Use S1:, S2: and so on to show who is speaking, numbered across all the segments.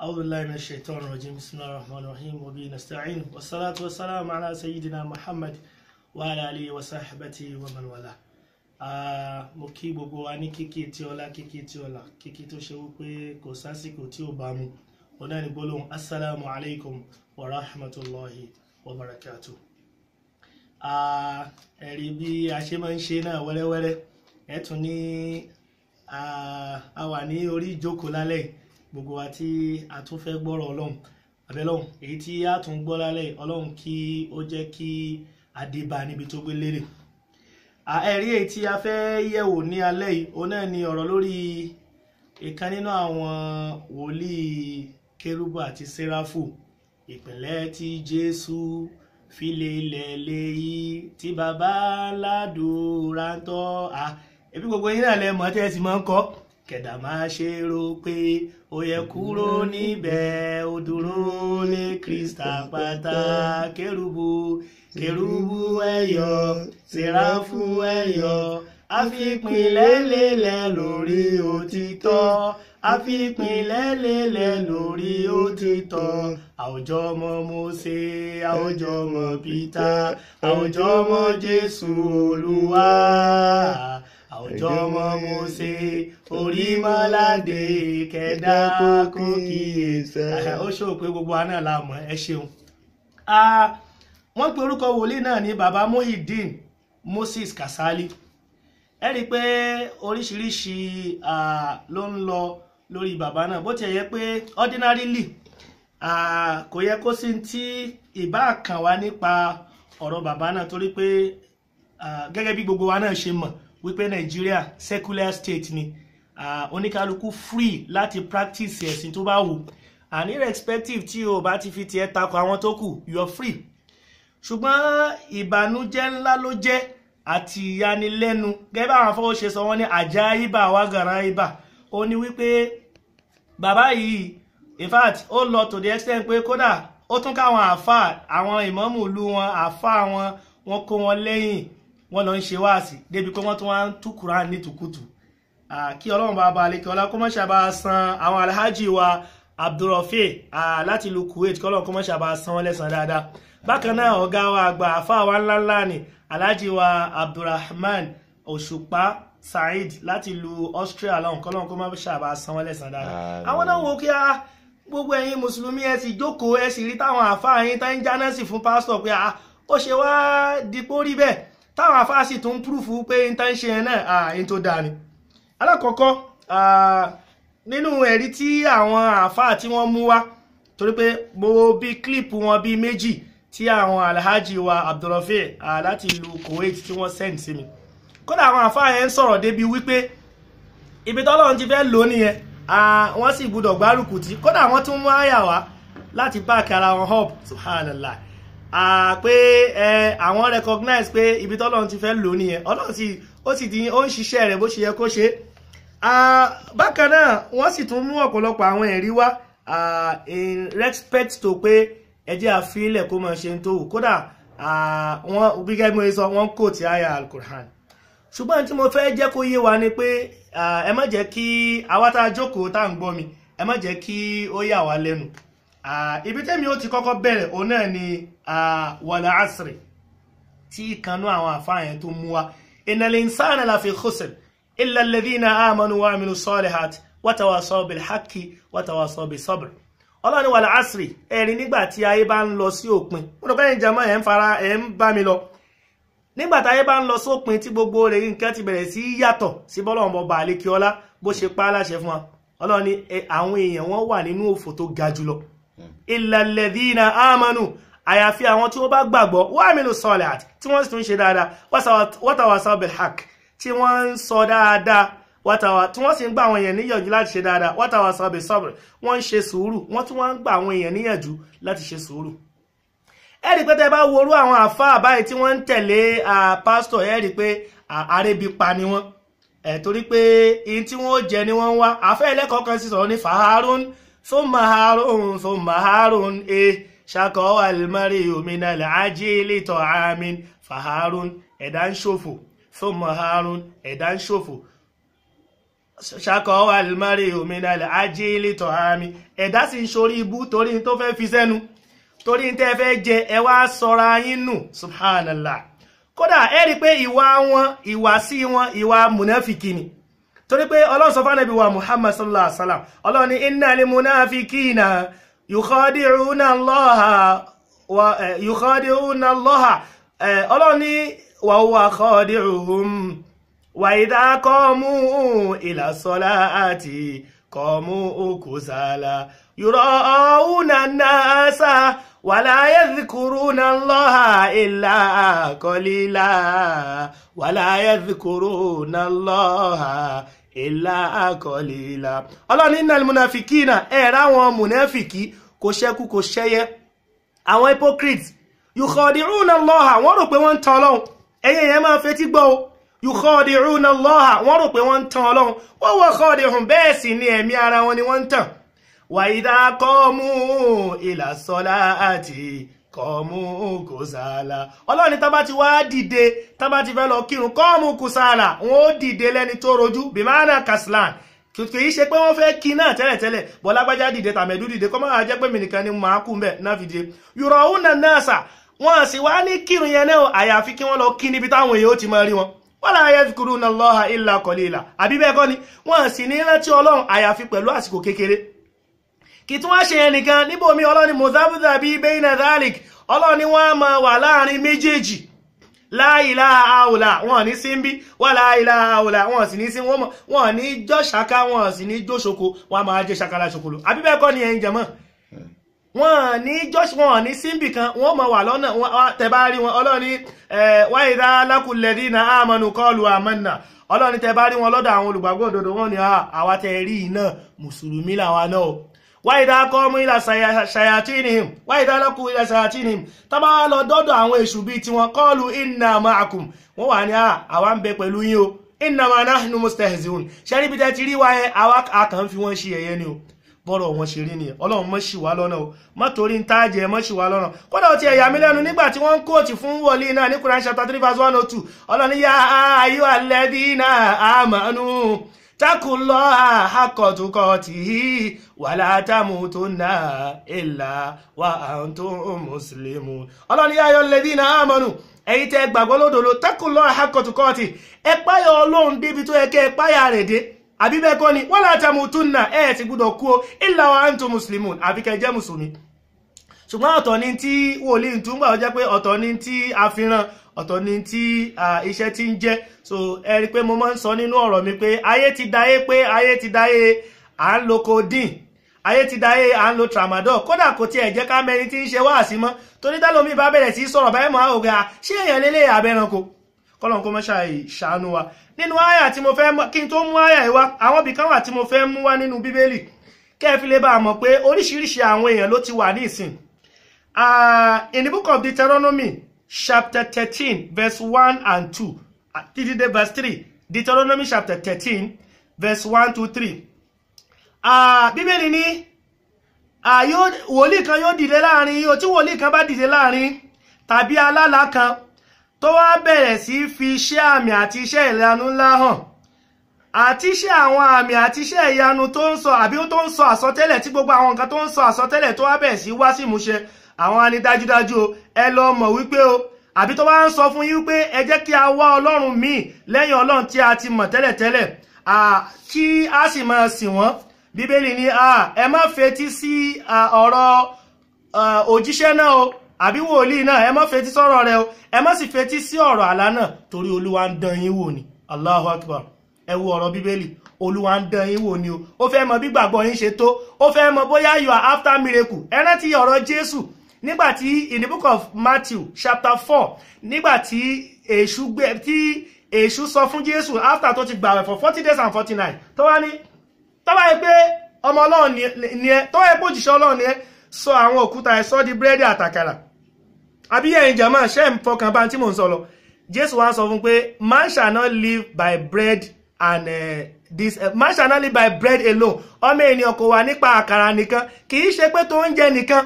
S1: أعوذ بالله من الشيطان الرجيم بسم الله الرحمن الرحيم وبه نستعين والصلاة والسلام على سيدنا محمد وعلى آله وصحبه ومن والاه mo kí gbogbo wa ní kíkí tí ọlá kíkí tí ọlá kíkí tó ṣe wípé kò sásìkò tí ó bá mu ọ̀nà ní gbólóhùn assalamu alaikum wa rahmatulahi wa barakatu. ẹ̀rí bí a ṣe máa ń ṣe náà wẹ́rẹ́wẹ́rẹ́ ẹ̀ ní a wà ní orí ìjókòó lálẹ́ yìí gbogbo wa tí a tún fẹ́ gbọ́rọ̀ ọlọ́run abẹ́lọ́run èyí tí a tún gbọ́ lálẹ́ ọlọ́run kí ó jẹ́ kí adébá níbi tó gbé lérè ẹ̀rí èyí tí a fẹ́ yẹ̀wò ní alẹ́ yìí òun náà ni ọ̀rọ̀ lórí ìkan nínú àwọn wòlíì kérúbù àti séráfù ìpìlẹ̀ tí jésù fi lè lẹ̀ léyìí tí bàbá ládùúrà ń tọ́ a ẹbí gbogbo yín náà lẹ mọ̀ tẹ́ ẹ sì máa ń kọ́ kẹ̀dà máa ṣe rò pé ó yẹ kúrò níbẹ̀ ó dúró lé kírísítà pátá kérúbù kérúbù ẹ̀yọ sẹ́ráfù ẹ̀yọ àfipínlẹ̀ lélẹ̀ lórí òtítọ́ àfipínlẹ̀ lélẹ̀ lórí òtítọ́ àwùjọ ọmọ Mósè àwùjọ ọmọ Pítà àwùjọ ọmọ Jésù Olúwa àwùjọ ọmọ Mósè orí mọ́ládé kẹ̀dá kókó kíyèsí. ó ṣòro pé gbogbo àná la mọ̀ ẹ ṣeun. wọ́n pe orúkọ wòlíì náà ní baba Muhyiddin Moses Kasali ẹ rí i pé oríṣiríṣi ló ń lọ lórí bàbá náà bó ti yẹ pé ordinarily kò yẹ kó sí ti ìbá kàn wá nípa ọ̀rọ̀ bàbá náà torí pé gẹ́gẹ́ bí gbogbo wa náà ṣe mọ̀ wípé Nàìjíríà secular state ni oníkálukú free láti practice ẹ̀sìn tó bá wù and irrespective tí o bá ti fi tiẹ̀ takò àwọn tó kù you are free ṣùgbọ́n ìbànújẹ́ ńlá ló jẹ́ àti ìyanilẹ́nu gẹ́gẹ́ bá àwọn afọwọ́ ṣe sọ wọ́n ní àjá ibà wàgàrà ibà ó ní wípé bàbá yìí in fact ó lọ to the extent pé kódà ó tún káwọn àáfà àwọn ìmọ̀mù ìlú wọn àáfà wọn wọn kó wọn lẹ́yìn wọn lọ ń ṣe wáàsì débi pé wọ́n tún wá ń tú Quran ní tùkùtù kí ọlọ́run bá ba àlekè ọlá kó mọ́ ṣàbà san àwọn alhaji wa abdulrafi láti ìlú Kuwait kí ọlọ́run kó mọ́ ṣàbà san wọn lẹ́sàn dáadáa bákan náà ọ̀gá wa àgbà àáfà wa ńláńlá ni alhaji wa abdulrahman òṣùpá saheed láti ìlú austria lọ́hùn kọ́lọ́hùn kó má ṣàbà san wọ́n lẹ́sàn dáadáa àwọn náà wo kí a gbogbo ẹ̀yin mùsùlùmí ẹ sì jókòó ẹ sì rí táwọn àáfàá yín tán ń jáná sí fún pásítọ̀ pé a ah, ó ṣe wá dípò rí bẹ́ẹ̀ táwọn àáfàá sì tún púrúfù pé n tán ń ṣe yẹn náà à ah, ń tó dáa ni. alákọ̀ọ́kọ́ ah, nínú ẹ̀rí tí àwọn àáfàá tí wọ́n mú wá torí pé mo bí kílípù wọn bíi méjì tí àwọn alhaji wa abdulrafi láti ìlú kuwait tí wọ́n send sí mi kódà àwọn àfáà yẹn ń sọ̀rọ̀ débi wípé ibi tọ́lọ́run ti fẹ́ lò nìyẹn wọ́n sì gbúdọ̀ gbárùkù tí kódà wọ́n tún mú àyà wá láti back ara wọn up subhanallah pé àwọn recognize pé ibi tọ́lọ́run ti fẹ́ lò nìyẹn ọlọ́run sì ó sì ti ó ń ṣiṣẹ́ rẹ̀ bó ṣe yẹ kó ṣe bákan náà wọ́n sì tún mú ọ̀pọ̀lọpọ̀ àwọn ẹ̀rí wá in respect to pé ẹjẹ́ àfilẹ̀ kó máa ṣe ń tó wù kódà wọ́n bí gẹ́gẹ́ bí sọ wọ́n kò tí àyà alukur'an ṣùgbọ́n tí mo fẹ́ jẹ́ kó yé wa ni pé ẹ má jẹ́ kí àwa tá a jókòó tá à ń gbọ́ mi ẹ má jẹ́ kí ó yà wá lẹ́nu ibi tẹ́mi ó ti kọ́kọ́ bẹ̀rẹ̀ òun náà ni wàlà àṣírí tí ìkanú àwọn àfáàyàn tó mú wa innal insana la fi khusr illa alladhina amanu wa amilu salihati wa tawasaw bil haqqi wa tawasaw bis ọlọ́ni wàlà àṣírí ẹ̀rí nígbà tí ayé bá ń lọ sí òpin mo rò pé ẹ̀yin jàmọ́ ẹ̀ ń fara ẹ̀ ń bá mi lọ nígbà táyé bá ń lọ sópin tí gbogbo rẹ̀ nǹkan ti bẹ̀rẹ̀ sí yàtọ̀ sí bọ́lọ́run ọba àlékí ọlá bó ṣe pa á láṣẹ fún wa ọlọ́run ni àwọn èèyàn wọn wà nínú òfò tó ga jùlọ ìlàlẹ̀dínà àmánù àyàfi àwọn tí wọ́n bá gbàgbọ́ wà mílò sọ́ọ̀lẹ̀ àti tí wọ́n sì tún ṣe dáadáa wọ́tàwàsá belhak tí wọ́n ń sọ dáadáa tí wọ́n sì ń gba àwọn èèyàn níyànjú láti ṣe dáadáa wọ́tàwàsá besọ́bẹ̀ wọ́n ń ṣe sùúrù wọ́n tún wọ́n ń gba àwọn èèyàn níyànjú láti ṣe sùúrù ẹ rí pé tẹ́ bá worú àwọn àfáà báyìí tí wọ́n ń tẹ̀lé pásítọ̀ ẹ rí pé àrẹ́bí pa ni wọ́n ẹ̀ torí pé ihun tí wọ́n jẹ ni wọ́n ń wá àfẹ́ ẹlẹ́kọ̀ọ́ kan sì sọ̀rọ̀ ní faharun thumma maharun thumma maharun e ṣàkọ́wà lẹ́mọ́rì òmìnira ajílì tọ́ àmín faharun ẹ̀dá ń ṣòfò thumma harun ẹ̀dá ń ṣòfò ṣàkọ́wà lẹ́mọ́rì òmìnira ajílì tọ́ àmín ẹ̀dá sì ń ṣorí ibú torí tó fẹ́ fi sẹ́nu torí ń tẹ́ fẹ́ jẹ ẹ wá sọra yín nù subhanallah kódà ẹ rí i pé ìwà wọn ìwà sí wọn ìwà mùnáfìkì ni torí pé ọlọ́run sọ fánàbí wa muhammad sallallahu alaihi wasallam ọlọ́run ní innal munafikina yukhadi'una allaha wa yukhadi'una allaha ọlọ́run ní wa huwa khadi'uhum wa idha qamu ila salati qamu kusala يراءون الناس ولا يذكرون الله إلا قليلا ولا يذكرون الله ìlà àkọlì ìlà ọlọ́ni innal munafikina ẹ̀rá àwọn munafiki kò ṣẹ́kù kò ṣẹ́yẹ àwọn hypocrites yukhadi'una Allaha wọ́n rò pé wọ́n ń tan ọlọ́run ẹ̀yìn yẹn máa fetí gbọ́ o yukhadi'una Allaha wọ́n rò pé wọ́n ń tan ọlọ́run wọ́n wọ́n khadi'un bẹ́ẹ̀ sì ni ẹ̀mí ara wọn ni wọ́n ń tàn وإذا قاموا إلى الصلاة kọ́ọ̀mù kùsàlà ọlọ́run tá bá ti wá dìde tá bá ti fẹ́ lọ bimana kaslan kì í ṣe pé wọ́n fẹ́ kí náà tẹ́lẹ̀tẹ́lẹ̀ bọ́lágbájá dìde tàmẹ̀dú dìde kọ́ máa pé ni màá kú mbẹ̀ náà fi dìde òun náà náà sà wọ́n sì wá ní kírun yẹn náà àyàfi kí wọ́n lọ kí níbi táwọn èèyàn ti máa rí wọn wọ́n kì tún wá ṣe yẹn nìkan níbòmí ọlọ́ni mozambique bayna zalik ọlọ́ni wọ́n máa wà láàrin méjèèjì àwòlà wọn ní wà àwòlà wọn sì ní sí wọn mọ wọn ní wọn sì ní wọn máa jẹ ni ẹ̀ wọn ní wọn ní kan wọn mọ wà lọ́nà tẹ̀bá wọn ọlọ́ni wáyìlá na àmọ́nù kọlu àmọ́nà wa kọ́mú ilà ṣayatinihim wáyídá lọ́kù ilà ṣayatinihim tábà wá lọ dọ́dọ̀ àwọn èṣù bíi tiwọn kọ́ọ̀lù inna ma'akum wọ́n wà ní àwa ń bẹ pẹ̀lú yín o inna ma nahnu mustahzi'un ṣẹ́rí bí ti rí wáyé àwa àkàn fi wọ́n ṣe ni o bọ́rọ̀ wọn ṣe rí nìyẹn ọlọ́run mọ́ ṣì wá lọ́nà o mọ́ torí ń tájẹ mọ́ ṣì wá lọ́nà kódà ó ti ẹ̀yà mi lẹ́nu nígbà tí wọ́n ń اتقوا الله حق تقاته ولا تموتن إلا وأنتم مسلمون ọlọ́ni yá ayọ́ lẹ́bí iná àmọ́nù ẹ̀yin tẹ́ gbàgbọ́ lódòdó takò lọ́ọ́ hakọ̀ tukọ́ọ̀tì ẹ páyà ọlọ́run débi tó yẹ kẹ́ rẹ̀ dé àbí ni wọ́n láti àmùtúnà ẹ̀ ti gbúdọ̀ kú ìlà wa ń ọ̀tọ̀ ni tí iṣẹ́ ti ń jẹ́ so ẹ rí i pé mo máa ń sọ nínú ọ̀rọ̀ mi pé ayé ti dayé pé ayé ti dayé à ń lo codeine ayé ti dayé à ń lo tramadol kódà kò tiẹ̀ jẹ́ ká mẹni tí ń ṣe wáàsí mọ́ torí dálómi bá bẹ̀rẹ̀ sí sọ̀rọ̀ báyìí mọ́ àwọn ògá ṣé èèyàn lélẹ̀ abẹ́ranko kọ́lọ̀n kó mọ́ṣà ìṣàánú wa nínú àyà tí mo fẹ́ kí n tó mú àyà yìí wá àwọn ibìkan wà tí mo fẹ́ mú wá nínú bíbélì kẹ́ẹ̀fì lè bá a mọ̀ pé oríṣiríṣi àwọn èèyàn ló ti wà ní ìsìn in the book of Deuteronomy chapter 13 verse 1 and 2 you ah, dé verse 3 Deuteronomy chapter 13 verse 1 to 3 bíbélì ní wòlíì kan yóò dìde láàrin yóò tí wòlíì kan bá dìde Tabi tàbí alálà kan tó wá bẹ̀rẹ̀ sí fi iṣẹ́ àmì àti iṣẹ́ ìyanu ńlá hàn àti iṣẹ́ àwọn àmì àti iṣẹ́ ìyanu tó ń sọ àbí tó ń sọ àsọtẹ́lẹ̀ gbogbo àwọn nǹkan tó ń sọ àsọtẹ́lẹ̀ tó wá bẹ̀rẹ̀ sí wá sí ìmúṣẹ àwọn ani dájúdájú o ẹ lọ mọ̀ wípé o àbí tó bá ń sọ fún yín pé ẹ jẹ́ kí a wá ọlọ́run míì lẹ́yìn ọlọ́run tí a ti mọ̀ tẹ́lẹ̀tẹ́lẹ̀ kí a sì máa sìn wọ́n bíbélì ni ẹ má fetí sí ọ̀rọ̀ òjíṣẹ́ náà o àbí wòlíì náà ẹ má fetí sọ̀rọ̀ rẹ̀ o ẹ má sì fetí sí ọ̀rọ̀ àlá náà torí olúwa ń dán yín wò ni allahu akbar ẹ wo ọ̀rọ̀ bíbélì olúwa ń dán yín wò ni o ó fẹ́ mọ bí gbàgbọ́ yín ṣe tó ó fẹ́ mọ bóyá you are after miracle ẹ rántí ọ̀rọ̀ jésù nígbàtí in the book of Matthew chapter four nígbàtí èṣù gbé tí èṣù sọ fún Jésù after tó ti gbààwẹ̀ for forty days and forty nine tó wá ní tó bá yẹ pé ọmọ Ọlọ́run ni ẹ tó yẹ pé òjìṣẹ́ Ọlọ́run ni ẹ sọ àwọn òkúta ẹ sọ di búrẹ́dì àtàkàrà àbí ẹ̀yin jàmáà ṣe ń fọkàn bá tí mò ń sọ lọ Jésù wá sọ fún pé man shall not live by bread and uh, this uh, man shall not live by bread alone ọmọ ènìyàn kò wà nípa àkàrà nìkan kì í ṣe pé tó ń jẹ nìkan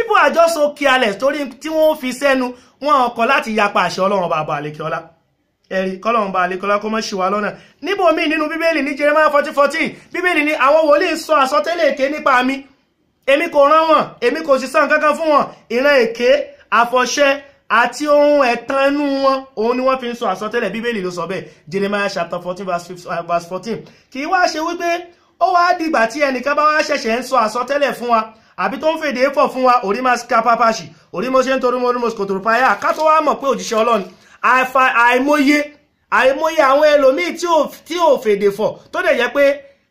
S1: people are just so careless torí tí wọ́n fi sẹ́nu wọn kọ̀ láti yapa àṣẹ ọlọ́run bàbá àlekíọ́lá ẹ̀rí kọ́lọ́run bá àlekọ́lá kó mọ́ ṣì wá lọ́nà níbòmí nínú bíbélì ní Jeremiah fourteen fourteen bíbélì ní àwọn wòlíì ń sọ àsọtẹ́lẹ̀ èké nípa mi èmi kò rán wọn èmi kò sì sàn kankan fún wọn ìran èké àfọ̀ṣẹ àti ohun ẹ̀tàn inú wọn òun ni wọ́n fi ń sọ àsọtẹ́lẹ̀ bíbélì ló sọ bẹ́ẹ̀ Jeremiah chapter fourteen verse uh, fourteen kì í wá ṣe wípé ó wá dìgbà tí ẹnìkan bá wá ṣẹ̀ṣẹ̀ ń sọ àsọtẹ́lẹ̀ fún wa àbí tó ń fèdè fọ̀ fún wa orí máa skapapashi orí mo ṣe ń torí mo rí mo kòtòrò payá ká tó wá mọ̀ pé òjíṣẹ́ ọlọ́run àìmọye àìmọye àwọn ẹlòmíì tí ò fèdè fọ̀ tó dẹ̀ jẹ́ pé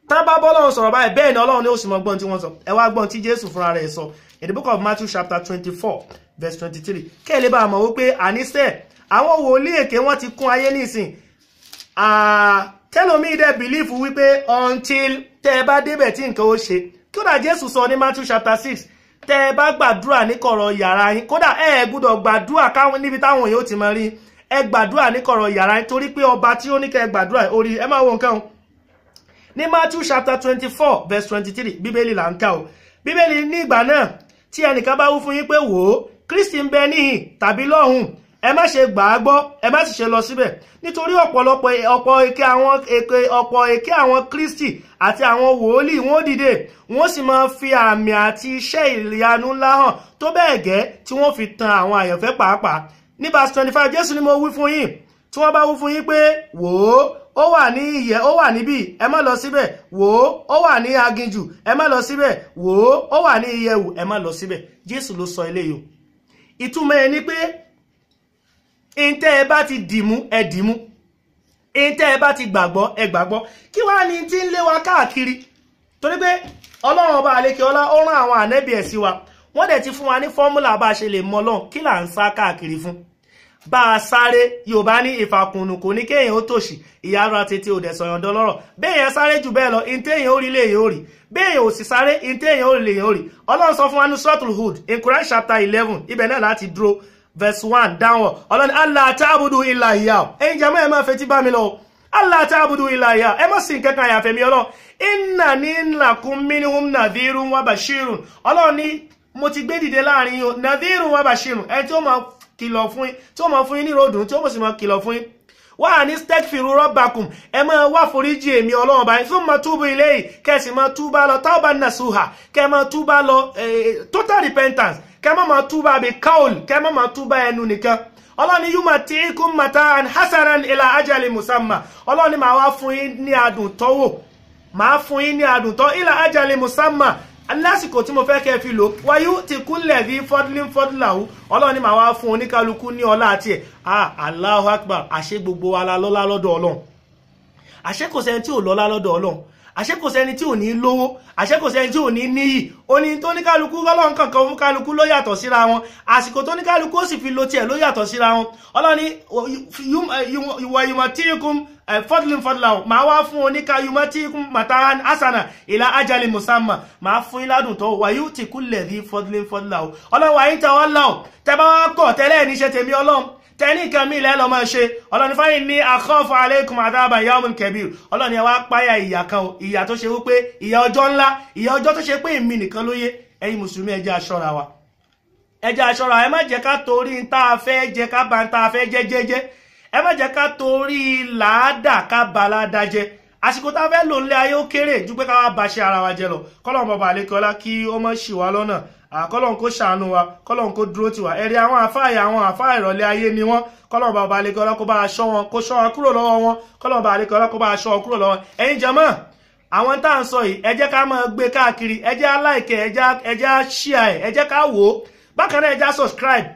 S1: tán bá bọ́lọ́run sọ̀rọ̀ báyìí bẹ́ẹ̀ ni ọlọ́run ni ó sì mọ gbọ́n tí wọ́n sọ ẹ wá gbọ́n tí jésù fúnra rẹ̀ sọ in the book of matthew chapter twenty four verse twenty three kẹ́ ẹ lè bá a mọ̀ wípé àníṣe àwọn wòlíì èké wọ́n ti kún ayé nísìn ah, tẹ́lómi dẹ̀ bìlífù wípé until tẹ́ ẹ bá débẹ̀ tí nǹkan ó ṣe kódà jésù sọ ní matthew chapter six tẹ ẹ bá gbàdúrà níkọ̀rọ̀ yàrá yín kódà ẹ ẹ gbúdọ̀ gbàdúrà káwọn níbi táwọn yóò ti mọ rí ẹ gbàdúrà níkọ̀rọ̀ yàrá yín torí pé ọba tí ó ní kẹ gbàdúrà orí ẹ máa wo nǹkan o ní matthew chapter twenty four verse twenty three bíbélì là ń kà o bíbélì ní ìgbà náà tí ẹnìkan bá wú fún yín pé wò ó kristi ń bẹ níhìn tàbí lọ́hùn ẹ má ṣe gbà á gbọ́ ẹ má sì ṣe lọ síbẹ̀ nítorí ọ̀pọ̀lọpọ̀ e, ọ̀pọ̀ èké àwọn èké ọ̀pọ̀ èké àwọn Kristi àti àwọn wòólì wọn ó dìde wọn ó sì máa fi àmì àti iṣẹ́ ìyanu ńlá hàn tó bẹ́ẹ̀ gẹ́ tí wọ́n fi tan àwọn àyànfẹ́ pàápàá ní verse twenty five Jésù ni mo wí fún yín tí wọ́n bá wí fún yín pé wò ó ó wà ní ìyẹ́ ó wà níbí ẹ má lọ síbẹ̀ wò ó ó wà ní aginjù ẹ má lọ síbẹ̀ wò ó ó wà ní ìyẹ̀wù ẹ má lọ síbẹ̀ Jésù ló sọ eléyìí ìtumọ̀ ẹ ni pé ìntẹ́ ẹ bá ti dìmú ẹ dìmú ìntẹ́ ẹ bá ti gbàgbọ́ ẹ gbàgbọ́ kí wàá ní tí ń lé wa káàkiri torí pé ọlọ́run ọba àlekè ọlá ó rán àwọn ànẹ́bì ẹ̀ sí wa wọ́n dẹ̀ ti fún wa ní fọ́múlà bá a ṣe lè mọ́ lọ́n kí là ń sá káàkiri fún bá a sáré yorùbá ní ìfàkùnù kò ní kéèyàn ó tòṣì ìyá ara tètè ò dẹ̀sọ̀ yọ̀ǹdọ́ lọ́rọ̀ béèyàn sáré jù bẹ́ẹ̀ lọ ìtẹ̀yìn ó rí léèyàn ó rí béèyàn ò sì sáré ìtẹ̀yìn ó rí léèyàn ó rí ọlọ́run sọ fún wa ní suratul Hud in Quran chapter eleven ibẹ̀ náà láti dúró verse one downward ọlọ́ni allah ta'budu illa iyahu ẹ̀yin jàmọ́ ẹ̀ máa fetí bá mi lọ allah ta'budu illa iyahu ẹ má sìn kankan àyàfẹ́ mi ọlọ́ innani lakum minhum nadhirun wa bashirun ọlọ́ni mo ti gbé dìde láàrin yín nadhirun wa bashirun ẹ tí ó máa kìlọ̀ fún yín tí ó máa fún yín ní ròdùn tí ó sì máa kìlọ̀ fún yín wà ní stekfiru rọ́bàkùn ẹ máa wá foríjì èmi ọlọ́run báyìí fún ma túbú ilé yìí kẹ́ sì túbá lọ tauba nasuha kẹ́ máa túbá lọ eh, total repentance kẹ́ má máa túbà bí kaul kẹ́ má máa túbà ẹnu nìkan ọlọ́ni yúmọ̀ tí ikún mataan hasanan ilà ajali musamma ọlọ́ni màá wá fún yín ní adùn tọ́wò màá fún yín ní adùn tọ́ ilà ajali musamma lásìkò tí mo fẹ́ kẹ́ fi lò wáyú ti kúnlẹ̀ bí fọdúlín fọdúláwù ọlọ́ni màá wá fún oníkálukú ní ọlá àti ẹ̀ e. ah Allahu akbar àṣẹ gbogbo wa lọ́lá lọ́dọ̀ ọlọ́run àṣẹ kò sẹ́ni tí ò lọ́lá lọ́dọ̀ ọlọ́run àṣẹ kò sẹ́ni tí ò ní lówó àṣẹ kò sẹ́ni tí ò ní níyì oní tó ní kálukú lọ́lọ́run kankan fún kálukú ló yàtọ̀ síra wọn àsìkò tó ó sì fi lo tiẹ̀ ló yàtọ̀ síra wọn ọlọ́ni ìwà ìmọ̀ tí ikùn fọdùlùm fọdùlàwọ̀ máa wá fún oníkayumọ́ tí ikùn màtàrán asana ìlà ajali musamman máa fún iládùn tó wàyú tìkúlẹ̀ rí fọdùlùm fọdùlàwọ̀ ọlọ́wọ̀ àyíntàwọ́ láwọ̀ tẹ bá wá kọ̀ tẹ́lẹ̀ níṣẹ́ tẹ́ní kan mi lẹ́lọ́ máa ṣe ọlọ́ni fáyín ní akhafu alaykum adhaba yawmin kabir ọlọ́ni ẹ wá páyà ìyà kan o ìyà tó ṣe wípé ìyà ọjọ́ ńlá ìyà ọjọ́ tó ṣe pé èmi nìkan ló yé ẹ̀yin mùsùlùmí ẹ jẹ́ wa ẹ jẹ́ a ṣọ́ra ẹ má jẹ́ ká torí ń tá a fẹ́ jẹ ká ba ń tá a fẹ́ jẹ́ jẹ́jẹ́ ẹ má jẹ́ ká torí làádà ká ba làádà jẹ́ àsìkò tá a fẹ́ lò ńlẹ̀ ayé ó kéré ju pé ká wá ba ara wa jẹ lọ kọ́lọ́ àkọlọ́n ah, kó ṣàánú wa kọlọ́n kó dúró tiwa ẹ̀rí àwọn àfáà àwọn àfáà ìrọ̀lẹ́ ayé ni wọ́n kọlọ́n bá balẹ̀ kọ́lọ́ kó bá aṣọ wọn kó ṣọ́ wọn kúrò lọ́wọ́ wọn kọlọ́n bá balẹ̀ kọ́lọ́ kó bá aṣọ wọn kúrò lọ́wọ́ ẹ̀yin jẹ́mọ́ àwọn tá à ń sọ yìí ẹ ká máa gbé káàkiri ẹ jẹ́ á like ẹ jẹ́ share ẹ jẹ́ ká wò ó bákan náà ẹ subscribe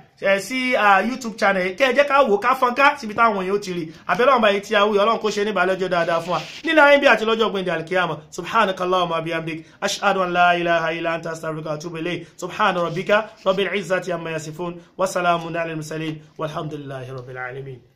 S1: sí youtube channel kẹ́ ẹ jẹ́ ká wò ká fọ́nká síbi táwọn èèyàn ó ti rí àbẹ́lẹ́ ọ̀nba yìí tí a wúyọ ọlọ́run kó ṣe ní ìbàlẹ́jọ́ dáadáa fún wa nínú ayé bí àti lọ́jọ́ gbẹ̀ndẹ̀ alikiyama subhanakallahumma bihamdik ashhadu an la ilaha illa anta astaghfiruka wa atubu ilayk subhana rabbika rabbil izzati amma yasifun wa salamun alal mursalin rabbil alamin